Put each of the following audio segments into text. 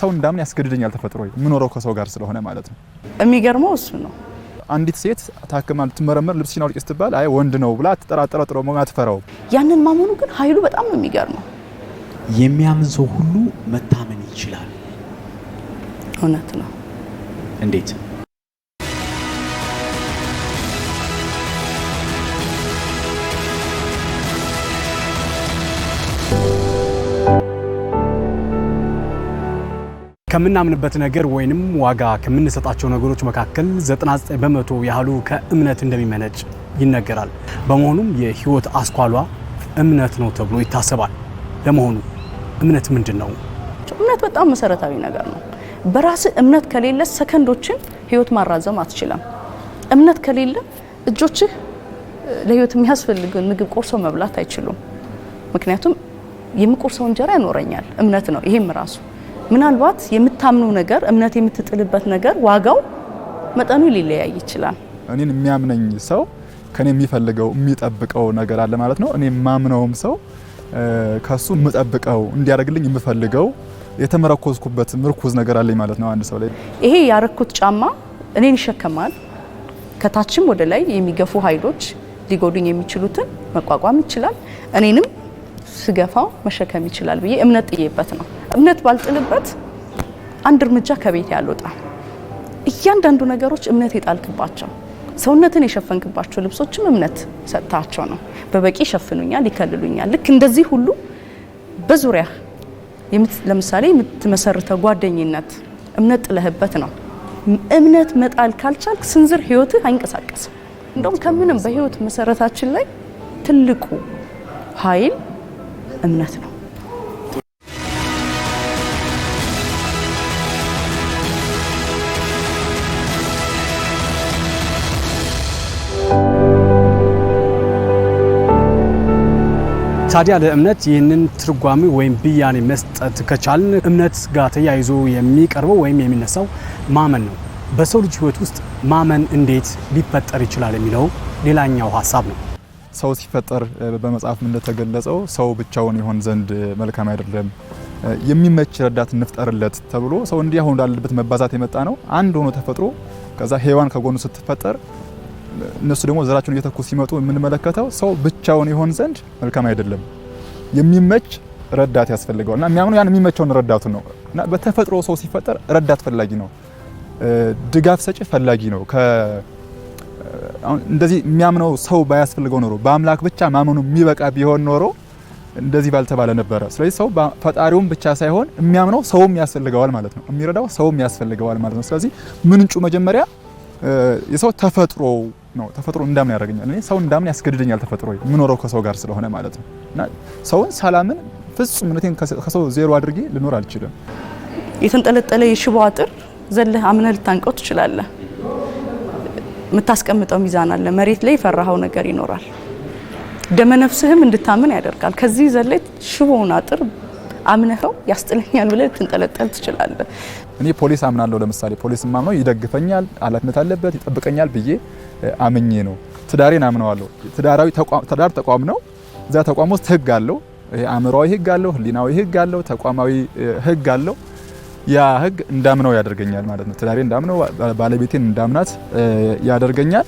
ሰው እንዳምን ያስገድደኛል ተፈጥሮ የምኖረው ከሰው ጋር ስለሆነ ማለት ነው። የሚገርመው እሱ ነው። አንዲት ሴት ታክማ ልትመረመር ልብስሽን አውልቂ ስትባል አይ ወንድ ነው ብላ ትጠራጠረ ጥሮ መሆን አትፈራውም። ያንን ማመኑ ግን ኃይሉ በጣም ነው የሚገርመው። የሚያምን ሰው ሁሉ መታመን ይችላል። እውነት ነው። እንዴት ከምናምንበት ነገር ወይንም ዋጋ ከምንሰጣቸው ነገሮች መካከል 99 በመቶ ያህሉ ከእምነት እንደሚመነጭ ይነገራል። በመሆኑም የህይወት አስኳሏ እምነት ነው ተብሎ ይታሰባል። ለመሆኑ እምነት ምንድን ነው? እምነት በጣም መሰረታዊ ነገር ነው። በራስ እምነት ከሌለ ሰከንዶችን ህይወት ማራዘም አትችልም። እምነት ከሌለ እጆችህ ለህይወት የሚያስፈልግን ምግብ ቆርሶ መብላት አይችሉም። ምክንያቱም የምቆርሰው እንጀራ ያኖረኛል እምነት ነው። ይሄም ራሱ ምናልባት የምታምኑ ነገር እምነት የምትጥልበት ነገር ዋጋው መጠኑ ሊለያይ ይችላል። እኔን የሚያምነኝ ሰው ከኔ የሚፈልገው የሚጠብቀው ነገር አለ ማለት ነው። እኔ የማምነውም ሰው ከሱ የምጠብቀው እንዲያደርግልኝ የምፈልገው የተመረኮዝኩበት ምርኩዝ ነገር አለኝ ማለት ነው። አንድ ሰው ላይ ይሄ ያረኩት ጫማ እኔን ይሸከማል፣ ከታችም ወደ ላይ የሚገፉ ኃይሎች ሊጎዱኝ የሚችሉትን መቋቋም ይችላል፣ እኔንም ስገፋው መሸከም ይችላል ብዬ እምነት ጥዬበት ነው። እምነት ባልጥልበት አንድ እርምጃ ከቤት ያልወጣ እያንዳንዱ ነገሮች እምነት የጣልክባቸው ሰውነትን የሸፈንክባቸው ልብሶችም እምነት ሰጥታቸው ነው። በበቂ ይሸፍኑኛል፣ ይከልሉኛል። ልክ እንደዚህ ሁሉ በዙሪያ ለምሳሌ የምትመሰርተው ጓደኝነት እምነት ጥለህበት ነው። እምነት መጣል ካልቻል ስንዝር ህይወትህ አይንቀሳቀስም። እንደውም ከምንም በህይወት መሰረታችን ላይ ትልቁ ኃይል እምነት ነው። ታዲያ ለእምነት ይህንን ትርጓሜ ወይም ብያኔ መስጠት ከቻልን እምነት ጋር ተያይዞ የሚቀርበው ወይም የሚነሳው ማመን ነው። በሰው ልጅ ሕይወት ውስጥ ማመን እንዴት ሊፈጠር ይችላል የሚለው ሌላኛው ሀሳብ ነው። ሰው ሲፈጠር በመጽሐፍ እንደተገለጸው ሰው ብቻውን ይሆን ዘንድ መልካም አይደለም፣ የሚመች ረዳት እንፍጠርለት ተብሎ ሰው እንዲህ አሁን እንዳለበት መባዛት የመጣ ነው። አንድ ሆኖ ተፈጥሮ ከዛ ሔዋን ከጎኑ ስትፈጠር እነሱ ደግሞ ዘራቸውን እየተኩ ሲመጡ የምንመለከተው ሰው ብቻውን ይሆን ዘንድ መልካም አይደለም፣ የሚመች ረዳት ያስፈልገዋል እና የሚያምኑ ያን የሚመቸውን ረዳቱ ነው እና በተፈጥሮ ሰው ሲፈጠር ረዳት ፈላጊ ነው፣ ድጋፍ ሰጪ ፈላጊ ነው። እንደዚህ የሚያምነው ሰው ባያስፈልገው ኖሮ በአምላክ ብቻ ማመኑ የሚበቃ ቢሆን ኖሮ እንደዚህ ባልተባለ ነበረ። ስለዚህ ሰው ፈጣሪውም ብቻ ሳይሆን የሚያምነው ሰውም ያስፈልገዋል ማለት ነው። የሚረዳው ሰውም ያስፈልገዋል ማለት ነው። ስለዚህ ምንጩ መጀመሪያ የሰው ተፈጥሮ ነው። ተፈጥሮ እንዳምን ያደርገኛል። እኔ ሰው እንዳምን ያስገድደኛል ተፈጥሮ የምኖረው ከሰው ጋር ስለሆነ ማለት ነው። እና ሰውን ሰላምን ፍጹምነቴን ከሰው ዜሮ አድርጌ ልኖር አልችልም። የተንጠለጠለ የሽቦ አጥር ዘለህ አምነህ ልታንቀው ትችላለህ። የምታስቀምጠው ሚዛን አለ። መሬት ላይ የፈራኸው ነገር ይኖራል። ደመነፍስህም እንድታምን ያደርጋል። ከዚህ ዘላይ ሽቦውን አጥር አምነኸው ያስጥለኛል ብለህ ልትንጠለጠል ትችላለህ። እኔ ፖሊስ አምናለሁ። ለምሳሌ ፖሊስ ማምነው ይደግፈኛል፣ ኃላፊነት አለበት፣ ይጠብቀኛል ብዬ አምኜ ነው። ትዳሬን አምነዋለሁ። ትዳር ተቋም ነው። እዛ ተቋም ውስጥ ህግ አለው። አእምሯዊ ህግ አለው፣ ህሊናዊ ህግ አለው፣ ተቋማዊ ህግ አለው። ያ ህግ እንዳምነው ያደርገኛል ማለት ነው። ትዳሬ እንዳምነው፣ ባለቤቴን እንዳምናት ያደርገኛል።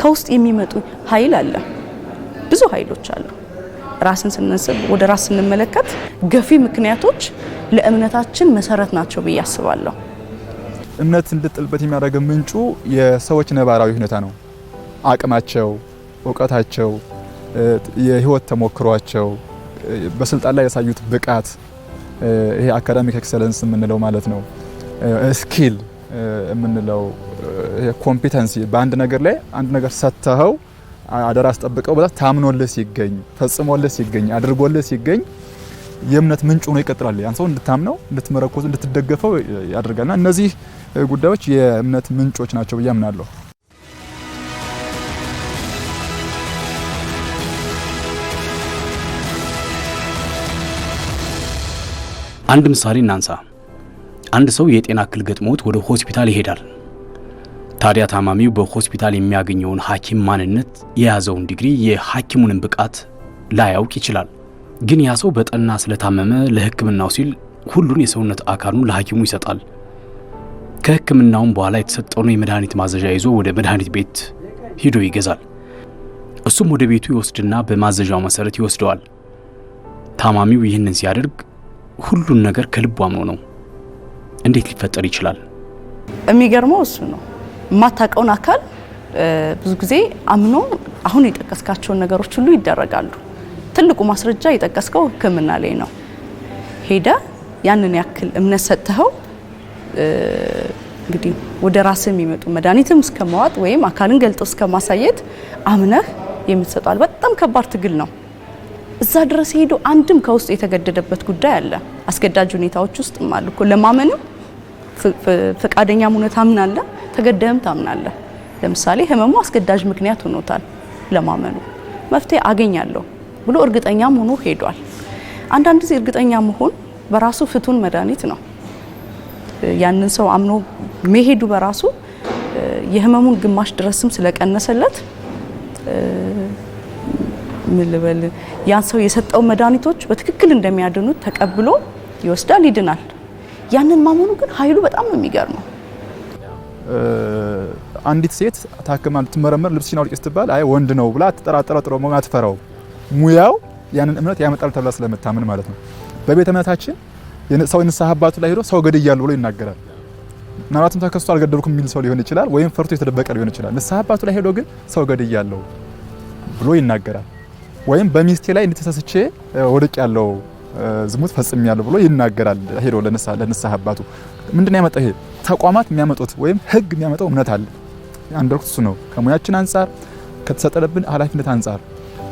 ከውስጥ የሚመጡ ኃይል አለ፣ ብዙ ኃይሎች አሉ። ራስን ስንስብ፣ ወደ ራስ ስንመለከት ገፊ ምክንያቶች ለእምነታችን መሰረት ናቸው ብዬ አስባለሁ። እምነት እንድጥልበት የሚያደርገው ምንጩ የሰዎች ነባራዊ ሁኔታ ነው። አቅማቸው፣ እውቀታቸው፣ የህይወት ተሞክሯቸው፣ በስልጣን ላይ ያሳዩት ብቃት ይሄ አካዳሚክ ኤክሰለንስ የምንለው ማለት ነው። ስኪል የምንለው ኮምፒተንሲ በአንድ ነገር ላይ አንድ ነገር ሰጥተኸው አደራ አስጠብቀው በዛ ታምኖልህ ሲገኝ፣ ፈጽሞልህ ሲገኝ፣ አድርጎልህ ሲገኝ የእምነት ምንጭ ሆኖ ይቀጥላል። ያን ሰው እንድታምነው፣ እንድትመረኮዝ፣ እንድትደገፈው ያደርጋልና እነዚህ ጉዳዮች የእምነት ምንጮች ናቸው ብዬ አምናለሁ። አንድ ምሳሌ እናንሳ። አንድ ሰው የጤና እክል ገጥሞት ወደ ሆስፒታል ይሄዳል። ታዲያ ታማሚው በሆስፒታል የሚያገኘውን ሐኪም ማንነት፣ የያዘውን ዲግሪ፣ የሐኪሙንም ብቃት ላያውቅ ይችላል። ግን ያ ሰው በጠና ስለታመመ ለሕክምናው ሲል ሁሉን የሰውነት አካሉን ለሐኪሙ ይሰጣል። ከሕክምናውም በኋላ የተሰጠውን የመድኃኒት ማዘዣ ይዞ ወደ መድኃኒት ቤት ሂዶ ይገዛል። እሱም ወደ ቤቱ ይወስድና በማዘዣው መሰረት ይወስደዋል። ታማሚው ይህንን ሲያደርግ ሁሉን ነገር ከልቡ አምኖ ነው። እንዴት ሊፈጠር ይችላል? የሚገርመው እሱ ነው። የማታውቀውን አካል ብዙ ጊዜ አምኖ አሁን የጠቀስካቸውን ነገሮች ሁሉ ይደረጋሉ። ትልቁ ማስረጃ የጠቀስከው ሕክምና ላይ ነው። ሄደ ያንን ያክል እምነት ሰጥተኸው እንግዲህ ወደ ራስህ የሚመጡ መድኃኒትም እስከ መዋጥ ወይም አካልን ገልጦ እስከ ማሳየት አምነህ የምትሰጠዋል። በጣም ከባድ ትግል ነው። እዛ ድረስ ሄዶ አንድም ከውስጡ የተገደደበት ጉዳይ አለ። አስገዳጅ ሁኔታዎች ውስጥም አሉ እኮ ለማመንም ፈቃደኛም ሆነ ታምናለ፣ ተገደህም ታምናለ። ለምሳሌ ህመሙ አስገዳጅ ምክንያት ሆኖታል ለማመኑ። መፍትሄ አገኛለሁ ብሎ እርግጠኛም ሆኖ ሄዷል። አንዳንድ ጊዜ እርግጠኛ መሆን በራሱ ፍቱን መድኃኒት ነው። ያንን ሰው አምኖ መሄዱ በራሱ የህመሙን ግማሽ ድረስም ስለቀነሰለት ምን ልበል ያን ሰው የሰጠው መድኃኒቶች በትክክል እንደሚያድኑት ተቀብሎ ይወስዳል፣ ይድናል። ያንን ማመኑ ግን ኃይሉ በጣም ነው የሚገርመው። አንዲት ሴት ታክማ ልትመረመር ልብስሽን አውልቂ ስትባል አይ ወንድ ነው ብላ አትጠራጠረው፣ ጥሮ መሆን አትፈራው። ሙያው ያንን እምነት ያመጣል ተብላ ስለምታምን ማለት ነው። በቤተ እምነታችን ሰው የንስሐ አባቱ ላይ ሄዶ ሰው ገድያለሁ ብሎ ይናገራል። ምናልባትም ተከስቶ አልገደልኩም የሚል ሰው ሊሆን ይችላል፣ ወይም ፈርቶ የተደበቀ ሊሆን ይችላል። ንስሐ አባቱ ላይ ሄዶ ግን ሰው ገድያለሁ ብሎ ይናገራል። ወይም በሚስቴ ላይ እንድተሳስቼ ወድቅ ያለው ዝሙት ፈጽም ያለው ብሎ ይናገራል። ሄዶ ለንስሐ አባቱ ምንድን ነው ያመጣው? ይሄ ተቋማት የሚያመጡት ወይም ህግ የሚያመጣው እምነት አለ። አንደርኩት እሱ ነው። ከሙያችን አንጻር ከተሰጠለብን ኃላፊነት አንጻር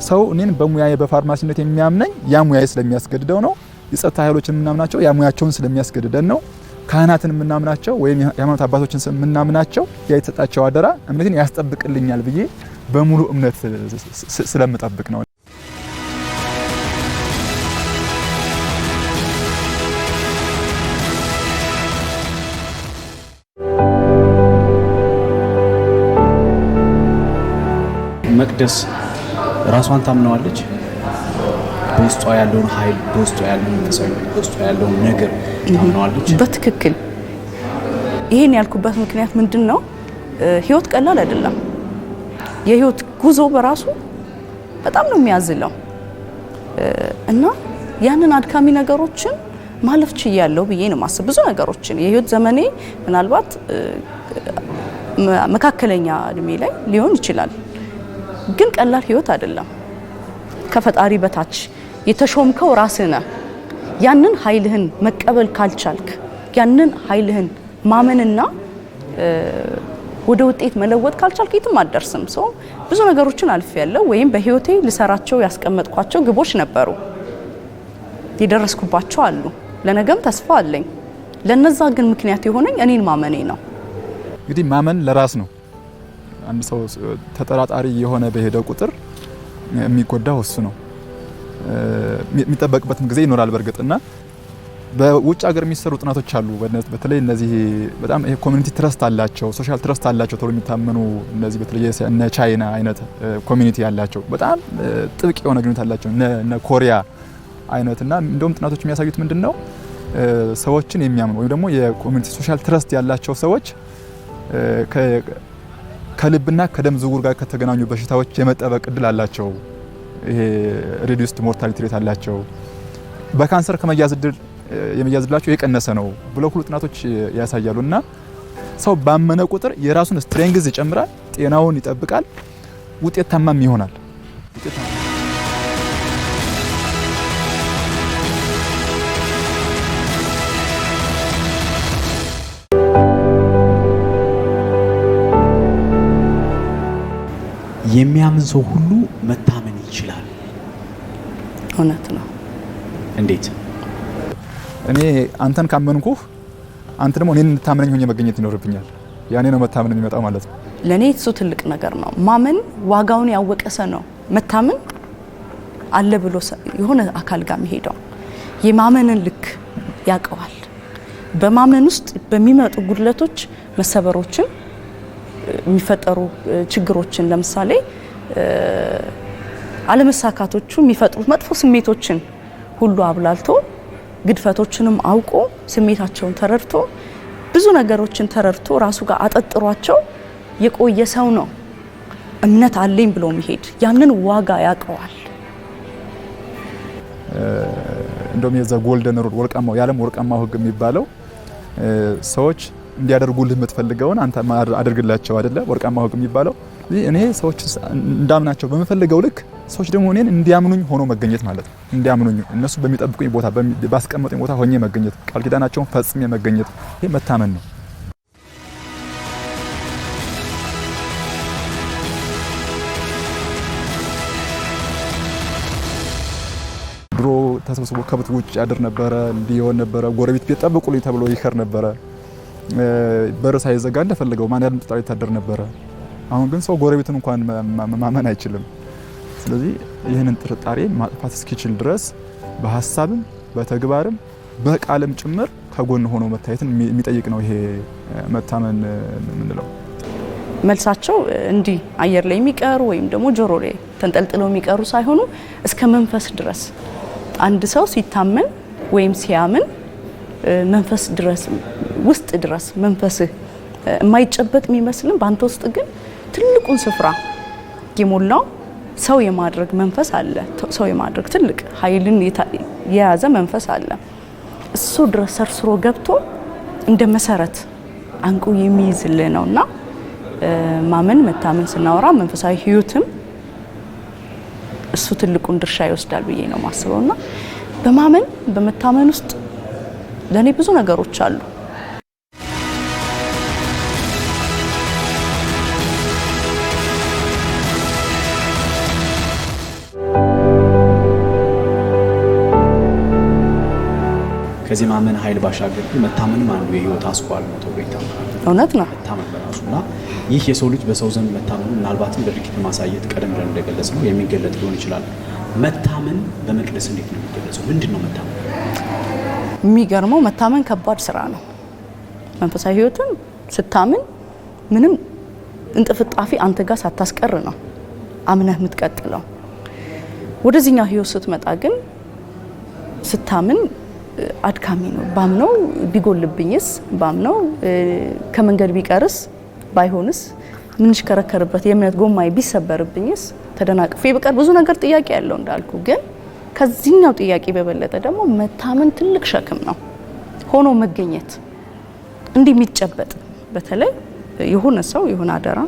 ሰው እኔን በሙያ በፋርማሲነት የሚያምነኝ ያ ሙያዬ ስለሚያስገድደው ነው። የጸጥታ ኃይሎችን የምናምናቸው ያ ሙያቸውን ስለሚያስገድደን ነው። ካህናትን የምናምናቸው ወይም የሃይማኖት አባቶችን የምናምናቸው ያ የተሰጣቸው አደራ እምነትን ያስጠብቅልኛል ብዬ በሙሉ እምነት ስለምጠብቅ ነው። መቅደስ ራሷን ታምነዋለች። በውስጧ ያለውን ኃይል፣ በውስጧ ያለውን መንፈሳዊ በውስጧ ያለውን ነገር ታምነዋለች። በትክክል ይህን ያልኩበት ምክንያት ምንድን ነው? ህይወት ቀላል አይደለም። የህይወት ጉዞ በራሱ በጣም ነው የሚያዝለው እና ያንን አድካሚ ነገሮችን ማለፍ ችያለሁ ብዬ ነው ማስብ። ብዙ ነገሮችን የህይወት ዘመኔ ምናልባት መካከለኛ እድሜ ላይ ሊሆን ይችላል። ግን ቀላል ህይወት አይደለም። ከፈጣሪ በታች የተሾምከው ራስህ ነህ። ያንን ኃይልህን መቀበል ካልቻልክ ያንን ኃይልህን ማመንና ወደ ውጤት መለወጥ ካልቻልክ የትም አደርስም። ሰው ብዙ ነገሮችን አልፍ ያለው ወይም በህይወቴ ልሰራቸው ያስቀመጥኳቸው ግቦች ነበሩ፣ የደረስኩባቸው አሉ፣ ለነገም ተስፋ አለኝ። ለነዛ ግን ምክንያት የሆነኝ እኔን ማመኔ ነው። እንግዲህ ማመን ለራስ ነው። አንድ ሰው ተጠራጣሪ የሆነ በሄደ ቁጥር የሚጎዳው እሱ ነው። የሚጠበቅበትም ጊዜ ይኖራል። በእርግጥና በውጭ ሀገር የሚሰሩ ጥናቶች አሉ። በተለይ እነዚህ በጣም ይሄ ኮሚኒቲ ትረስት አላቸው፣ ሶሻል ትረስት አላቸው ተብሎ የሚታመኑ እነዚህ በተለይ እነ ቻይና አይነት ኮሚኒቲ ያላቸው በጣም ጥብቅ የሆነ ግንኙነት አላቸው እነ ኮሪያ አይነት እና እንደውም ጥናቶች የሚያሳዩት ምንድን ነው ሰዎችን የሚያምኑ ወይም ደግሞ የኮሚኒቲ ሶሻል ትረስት ያላቸው ሰዎች ከልብና ከደም ዝውውር ጋር ከተገናኙ በሽታዎች የመጠበቅ እድል አላቸው። ይሄ ሪዲዩስድ ሞርታሊቲ ሬት አላቸው። በካንሰር ከመያዝ እድል የመያዝ እድላቸው የቀነሰ ነው ብለው ሁሉ ጥናቶች ያሳያሉ። እና ሰው ባመነ ቁጥር የራሱን ስትሬንግዝ ይጨምራል፣ ጤናውን ይጠብቃል፣ ውጤታማም ይሆናል። የሚያምን ሰው ሁሉ መታመን ይችላል። እውነት ነው። እንዴት እኔ አንተን ካመንኩህ አንተ ደግሞ እኔን እንድታምነኝ ሆኜ መገኘት ይኖርብኛል። ያኔ ነው መታመን የሚመጣው ማለት ነው። ለእኔ እሱ ትልቅ ነገር ነው። ማመን ዋጋውን ያወቀሰ ነው። መታመን አለ ብሎ የሆነ አካል ጋር የሚሄደው የማመንን ልክ ያውቀዋል። በማመን ውስጥ በሚመጡ ጉድለቶች መሰበሮችን የሚፈጠሩ ችግሮችን ለምሳሌ አለመሳካቶቹ የሚፈጥሩት መጥፎ ስሜቶችን ሁሉ አብላልቶ ግድፈቶችንም አውቆ ስሜታቸውን ተረድቶ ብዙ ነገሮችን ተረድቶ ራሱ ጋር አጠጥሯቸው የቆየ ሰው ነው እምነት አለኝ ብሎ መሄድ ያንን ዋጋ ያውቀዋል። እንደውም የዛ ጎልደን ሩል ወርቃማው የዓለም ወርቃማው ህግ የሚባለው ሰዎች እንዲያደርጉልህ የምትፈልገውን አንተ አድርግላቸው አይደለ? ወርቃማ ህግ የሚባለው እኔ ሰዎች እንዳምናቸው በምፈልገው ልክ ሰዎች ደግሞ እኔን እንዲያምኑኝ ሆኖ መገኘት ማለት ነው። እንዲያምኑኝ እነሱ በሚጠብቁኝ ቦታ፣ ባስቀመጡኝ ቦታ ሆኜ መገኘት፣ ቃል ኪዳናቸውን ፈጽሜ መገኘት፣ ይህ መታመን ነው። ድሮ ተሰብስቦ ከብት ውጭ ያድር ነበረ፣ እንዲሆን ነበረ፣ ጎረቤት ቤት ጠብቁልኝ ተብሎ ይከር ነበረ። በር ሳይዘጋ እንደፈለገው ማን ያለ ጣሪ ይታደር ነበረ። አሁን ግን ሰው ጎረቤቱን እንኳን ማመን አይችልም። ስለዚህ ይህንን ጥርጣሬ ማጥፋት እስኪችል ድረስ በሀሳብም በተግባርም በቃልም ጭምር ከጎን ሆኖ መታየትን የሚጠይቅ ነው። ይሄ መታመን የምንለው መልሳቸው እንዲህ አየር ላይ የሚቀሩ ወይም ደግሞ ጆሮ ላይ ተንጠልጥለው የሚቀሩ ሳይሆኑ እስከ መንፈስ ድረስ አንድ ሰው ሲታመን ወይም ሲያምን መንፈስ ድረስ ውስጥ ድረስ መንፈስህ የማይጨበጥ የሚመስልም በአንተ ውስጥ ግን ትልቁን ስፍራ የሞላው ሰው የማድረግ መንፈስ አለ። ሰው የማድረግ ትልቅ ኃይልን የያዘ መንፈስ አለ። እሱ ድረስ ሰርስሮ ገብቶ እንደ መሰረት አንቁ የሚይዝልህ ነው እና ማመን መታመን ስናወራ መንፈሳዊ ህይወትም እሱ ትልቁን ድርሻ ይወስዳል ብዬ ነው የማስበው እና በማመን በመታመን ውስጥ ለእኔ ብዙ ነገሮች አሉ። ከዚህ ማመን ኃይል ባሻገር ግን መታመንም አንዱ የህይወት አስኳል ነው ተብሎ ይታመናል። እውነት ነው መታመን በራሱ እና ይህ የሰው ልጅ በሰው ዘንድ መታመኑ ምናልባትም በድርጊት ማሳየት ቀደም ብለን እንደገለጽ ነው የሚገለጥ ሊሆን ይችላል። መታመን በመቅደስ እንዴት ነው የሚገለጸው? ምንድን ነው መታመን? የሚገርመው መታመን ከባድ ስራ ነው። መንፈሳዊ ህይወትም ስታምን ምንም እንጥፍጣፊ አንተ ጋር ሳታስቀር ነው አምነህ የምትቀጥለው። ወደዚህኛው ህይወት ስትመጣ ግን ስታምን አድካሚ ነው። ባምነው ቢጎልብኝስ፣ ባምነው ከመንገድ ቢቀርስ፣ ባይሆንስ፣ ምንሽከረከርበት የእምነት ጎማዬ ቢሰበርብኝስ፣ ተደናቅፌ ብቀር ብዙ ነገር ጥያቄ ያለው እንዳልኩ ግን ከዚህኛው ጥያቄ በበለጠ ደግሞ መታመን ትልቅ ሸክም ነው። ሆኖ መገኘት እንዲህ የሚጨበጥ በተለይ የሆነ ሰው የሆነ አደራ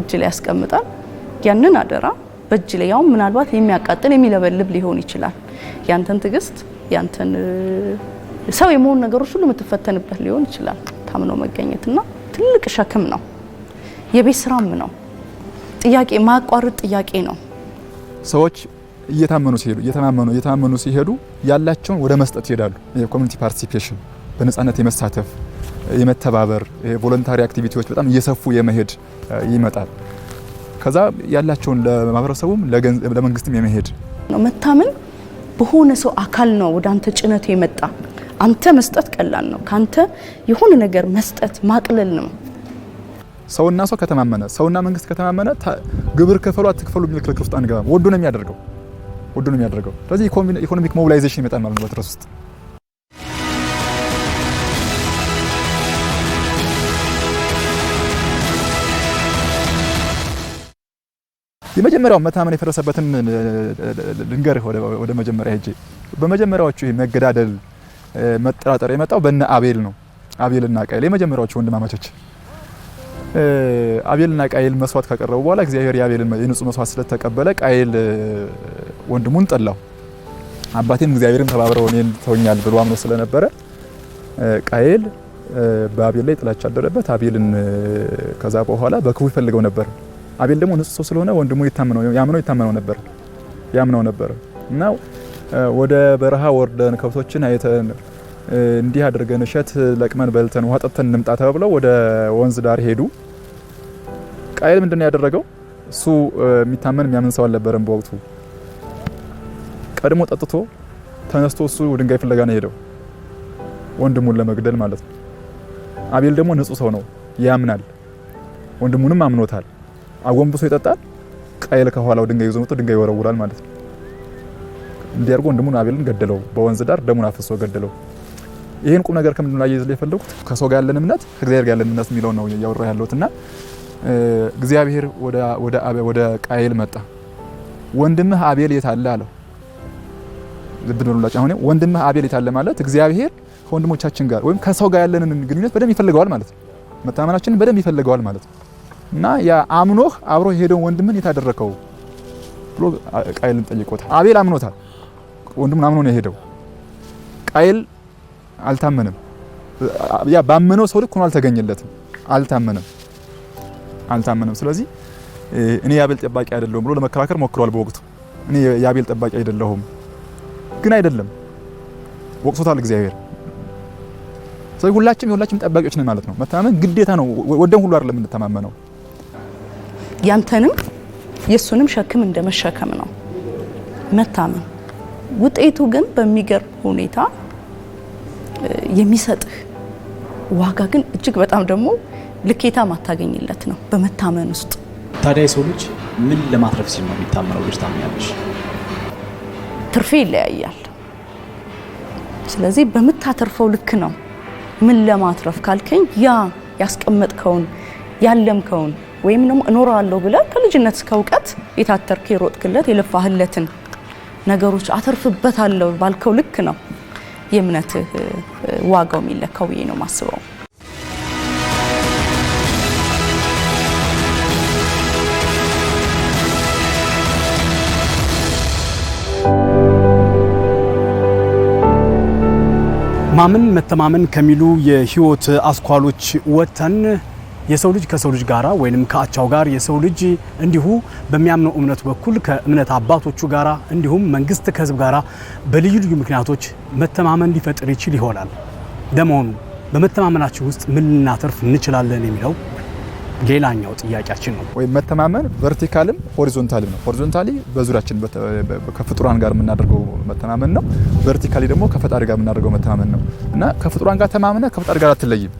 እጅ ላይ ያስቀምጣል። ያንን አደራ በእጅ ላይ ያውም ምናልባት የሚያቃጥል የሚለበልብ ሊሆን ይችላል። ያንተን ትዕግስት ያንተን ሰው የመሆን ነገሮች ሁሉ የምትፈተንበት ሊሆን ይችላል። ታምኖ መገኘትና ትልቅ ሸክም ነው። የቤት ስራም ነው። ጥያቄ ማያቋርጥ ጥያቄ ነው። ሰዎች እየታመኑ ሲሄዱ እየተማመኑ እየተማመኑ ሲሄዱ ያላቸውን ወደ መስጠት ይሄዳሉ። የኮሚኒቲ ፓርቲሲፔሽን በነጻነት የመሳተፍ የመተባበር ቮለንታሪ አክቲቪቲዎች በጣም እየሰፉ የመሄድ ይመጣል። ከዛ ያላቸውን ለማህበረሰቡም ለመንግስትም የመሄድ መታመን በሆነ ሰው አካል ነው ወደ አንተ ጭነት የመጣ አንተ መስጠት ቀላል ነው። ከአንተ የሆነ ነገር መስጠት ማቅለል ነው። ሰውና ሰው ከተማመነ፣ ሰውና መንግስት ከተማመነ ግብር ክፈሉ አትክፈሉ የሚል ክርክር ውስጥ አንገባም። ወዶ ነው የሚያደርገው። ውድ ነው የሚያደርገው። ስለዚህ ኢኮኖሚክ ሞቢላይዜሽን ይመጣል ማለት ነው በትረስ ውስጥ የመጀመሪያው መታመን የፈረሰበትን ልንገር። ወደ መጀመሪያ ሄጄ በመጀመሪያዎቹ መገዳደል፣ መጠራጠር የመጣው በነ አቤል ነው። አቤልና ቃየል የመጀመሪያዎቹ ወንድማማቾች አቤልና ቃየል መስዋዕት ካቀረቡ በኋላ እግዚአብሔር የአቤልን የንጹህ መስዋዕት ስለተቀበለ ቃየል ወንድሙን ጠላው። አባቴም እግዚአብሔርም ተባብረው እኔን ተውኛል ብሎ አምኖ ስለነበረ ቃየል በአቤል ላይ ጥላቻ አደረበት። አቤልን ከዛ በኋላ በክፉ ይፈልገው ነበር። አቤል ደግሞ ንጹህ ሰው ስለሆነ ወንድሙ ያምነው ይታመነው ነበር ያምነው ነበር እና ወደ በረሃ ወርደን ከብቶችን አይተን እንዲህ አድርገን እሸት ለቅመን በልተን ውሃ ጠጥተን እንምጣ ተብለው ወደ ወንዝ ዳር ሄዱ። ቃየል ምንድን ነው ያደረገው? እሱ የሚታመን የሚያምን ሰው አልነበረም በወቅቱ። ቀድሞ ጠጥቶ ተነስቶ እሱ ድንጋይ ፍለጋ ነው ሄደው ወንድሙን ለመግደል ማለት ነው። አቤል ደግሞ ንጹህ ሰው ነው፣ ያምናል። ወንድሙንም አምኖታል። አጎንብሶ ይጠጣል። ቃየል ከኋላው ድንጋይ ይዞ መጥቶ ድንጋይ ይወረውራል ማለት ነው። እንዲያርጎ ወንድሙን አቤልን ገደለው። በወንዝ ዳር ደሙን አፍሶ ገደለው። ይህን ቁም ነገር ከምንድን ላይ ይዝል የፈለጉት ከሰው ጋር ያለን እምነት ከእግዚአብሔር ጋር ያለን እምነት የሚለው ነው እያወራ ያለሁት እና እግዚአብሔር ወደ ቃየል መጣ። ወንድምህ አቤል የታለ አለው። ልብ በሉላችሁ። አሁን ወንድምህ አቤል የታለ ማለት እግዚአብሔር ከወንድሞቻችን ጋር ወይም ከሰው ጋር ያለንን ግንኙነት በደንብ ይፈልገዋል ማለት ነው። መተማመናችንን በደንብ ይፈልገዋል ማለት ነው እና ያ አምኖህ አብሮ የሄደውን ወንድምን የታደረከው ብሎ ቃየልን ጠይቆታል። አቤል አምኖታል። ወንድሙን አምኖ ነው የሄደው ቃየል አልታመነም። ያ ባመነው ሰው ልክ ሆኖ አልተገኘለትም። አልታመነም አልታመነም። ስለዚህ እኔ የአቤል ጠባቂ አይደለሁም ብሎ ለመከራከር ሞክሯል። በወቅቱ እኔ የአቤል ጠባቂ አይደለሁም ግን አይደለም ወቅሶታል እግዚአብሔር። ስለዚህ ሁላችንም የሁላችንም ጠባቂዎች ነን ማለት ነው። መተማመን ግዴታ ነው። ወደን ሁሉ አይደለም እንተማመነው ያንተንም የሱንም ሸክም እንደመሸከም ነው መታመን። ውጤቱ ግን በሚገርም ሁኔታ የሚሰጥህ ዋጋ ግን እጅግ በጣም ደግሞ ልኬታ ማታገኝለት ነው በመታመን ውስጥ። ታዲያ የሰው ልጅ ምን ለማትረፍ ሲል ነው የሚታመነው ብለሽ ታምኛለሽ? ትርፌ ይለያያል። ስለዚህ በምታተርፈው ልክ ነው። ምን ለማትረፍ ካልከኝ ያ ያስቀመጥከውን ያለምከውን ወይም ደግሞ እኖራለሁ ብለህ ከልጅነት እስከ እውቀት የታተርክ የሮጥክለት የለፋህለትን ነገሮች አተርፍበታለሁ ባልከው ልክ ነው የእምነትህ ዋጋው የሚለካው ብዬ ነው ማስበው። ማመን መተማመን ከሚሉ የህይወት አስኳሎች ወጥተን የሰው ልጅ ከሰው ልጅ ጋራ ወይንም ከአቻው ጋር የሰው ልጅ እንዲሁ በሚያምነው እምነት በኩል ከእምነት አባቶቹ ጋራ እንዲሁም መንግስት ከህዝብ ጋራ በልዩ ልዩ ምክንያቶች መተማመን ሊፈጥር ይችል ይሆናል። ለመሆኑ በመተማመናችን ውስጥ ምን ልናተርፍ እንችላለን የሚለው ሌላኛው ጥያቄያችን ነው። ወይም መተማመን ቨርቲካልም ሆሪዞንታልም ነው። ሆሪዞንታሊ በዙሪያችን ከፍጡራን ጋር የምናደርገው መተማመን ነው። ቨርቲካሊ ደግሞ ከፈጣሪ ጋር የምናደርገው መተማመን ነው እና ከፍጡራን ጋር ተማምነ ከፈጣሪ ጋር አትለይም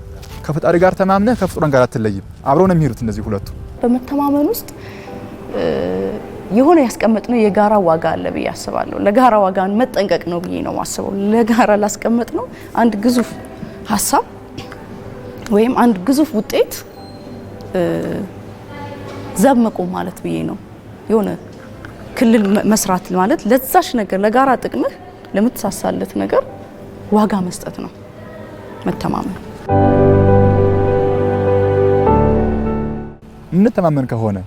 ከፈጣሪ ጋር ተማምነህ ከፍጡራን ጋር አትለይም። አብረው ነው የሚሄዱት እነዚህ ሁለቱ። በመተማመን ውስጥ የሆነ ያስቀመጥነው የጋራ ዋጋ አለ ብዬ አስባለሁ። ለጋራ ዋጋ መጠንቀቅ ነው ብዬ ነው የማስበው። ለጋራ ላስቀመጥ ነው አንድ ግዙፍ ሀሳብ ወይም አንድ ግዙፍ ውጤት ዘብ መቆም ማለት ብዬ ነው የሆነ ክልል መስራት ማለት ለዛች ነገር ለጋራ ጥቅምህ ለምትሳሳለት ነገር ዋጋ መስጠት ነው መተማመን። የምንተማመን ከሆነ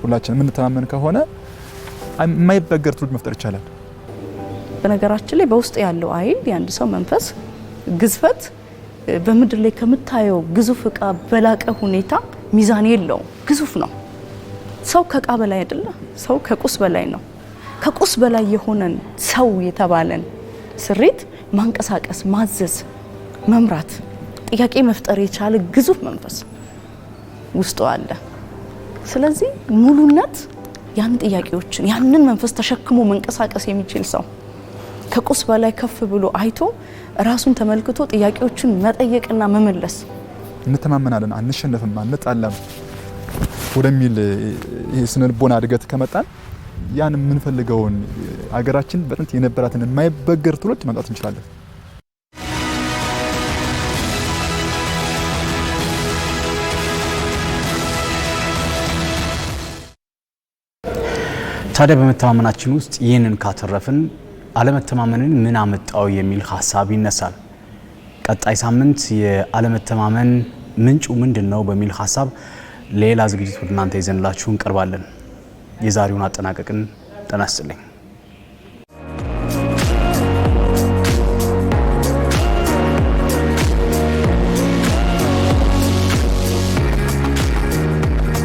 ሁላችን የምንተማመን ከሆነ የማይበገር ትውልድ መፍጠር ይቻላል። በነገራችን ላይ በውስጥ ያለው አይን የአንድ ሰው መንፈስ ግዝፈት በምድር ላይ ከምታየው ግዙፍ እቃ በላቀ ሁኔታ ሚዛን የለውም። ግዙፍ ነው። ሰው ከእቃ በላይ አይደለ፣ ሰው ከቁስ በላይ ነው። ከቁስ በላይ የሆነን ሰው የተባለን ስሪት ማንቀሳቀስ፣ ማዘዝ፣ መምራት፣ ጥያቄ መፍጠር የቻለ ግዙፍ መንፈስ ውስጡ አለ። ስለዚህ ሙሉነት ያን ጥያቄዎችን ያንን መንፈስ ተሸክሞ መንቀሳቀስ የሚችል ሰው ከቁስ በላይ ከፍ ብሎ አይቶ ራሱን ተመልክቶ ጥያቄዎችን መጠየቅና መመለስ እንተማመናለን፣ አንሸነፍም፣ አንጣላም ወደሚል ስነልቦና እድገት ከመጣን ያን የምንፈልገውን አገራችን በጥንት የነበራትን የማይበገር ትውልድ ማምጣት እንችላለን። ታዲያ በመተማመናችን ውስጥ ይህንን ካተረፍን አለመተማመንን ምን አመጣው የሚል ሀሳብ ይነሳል። ቀጣይ ሳምንት የአለመተማመን ምንጩ ምንድን ነው በሚል ሀሳብ ሌላ ዝግጅት ወደ እናንተ ይዘንላችሁ እንቀርባለን። የዛሬውን አጠናቀቅን። ጤና ይስጥልኝ።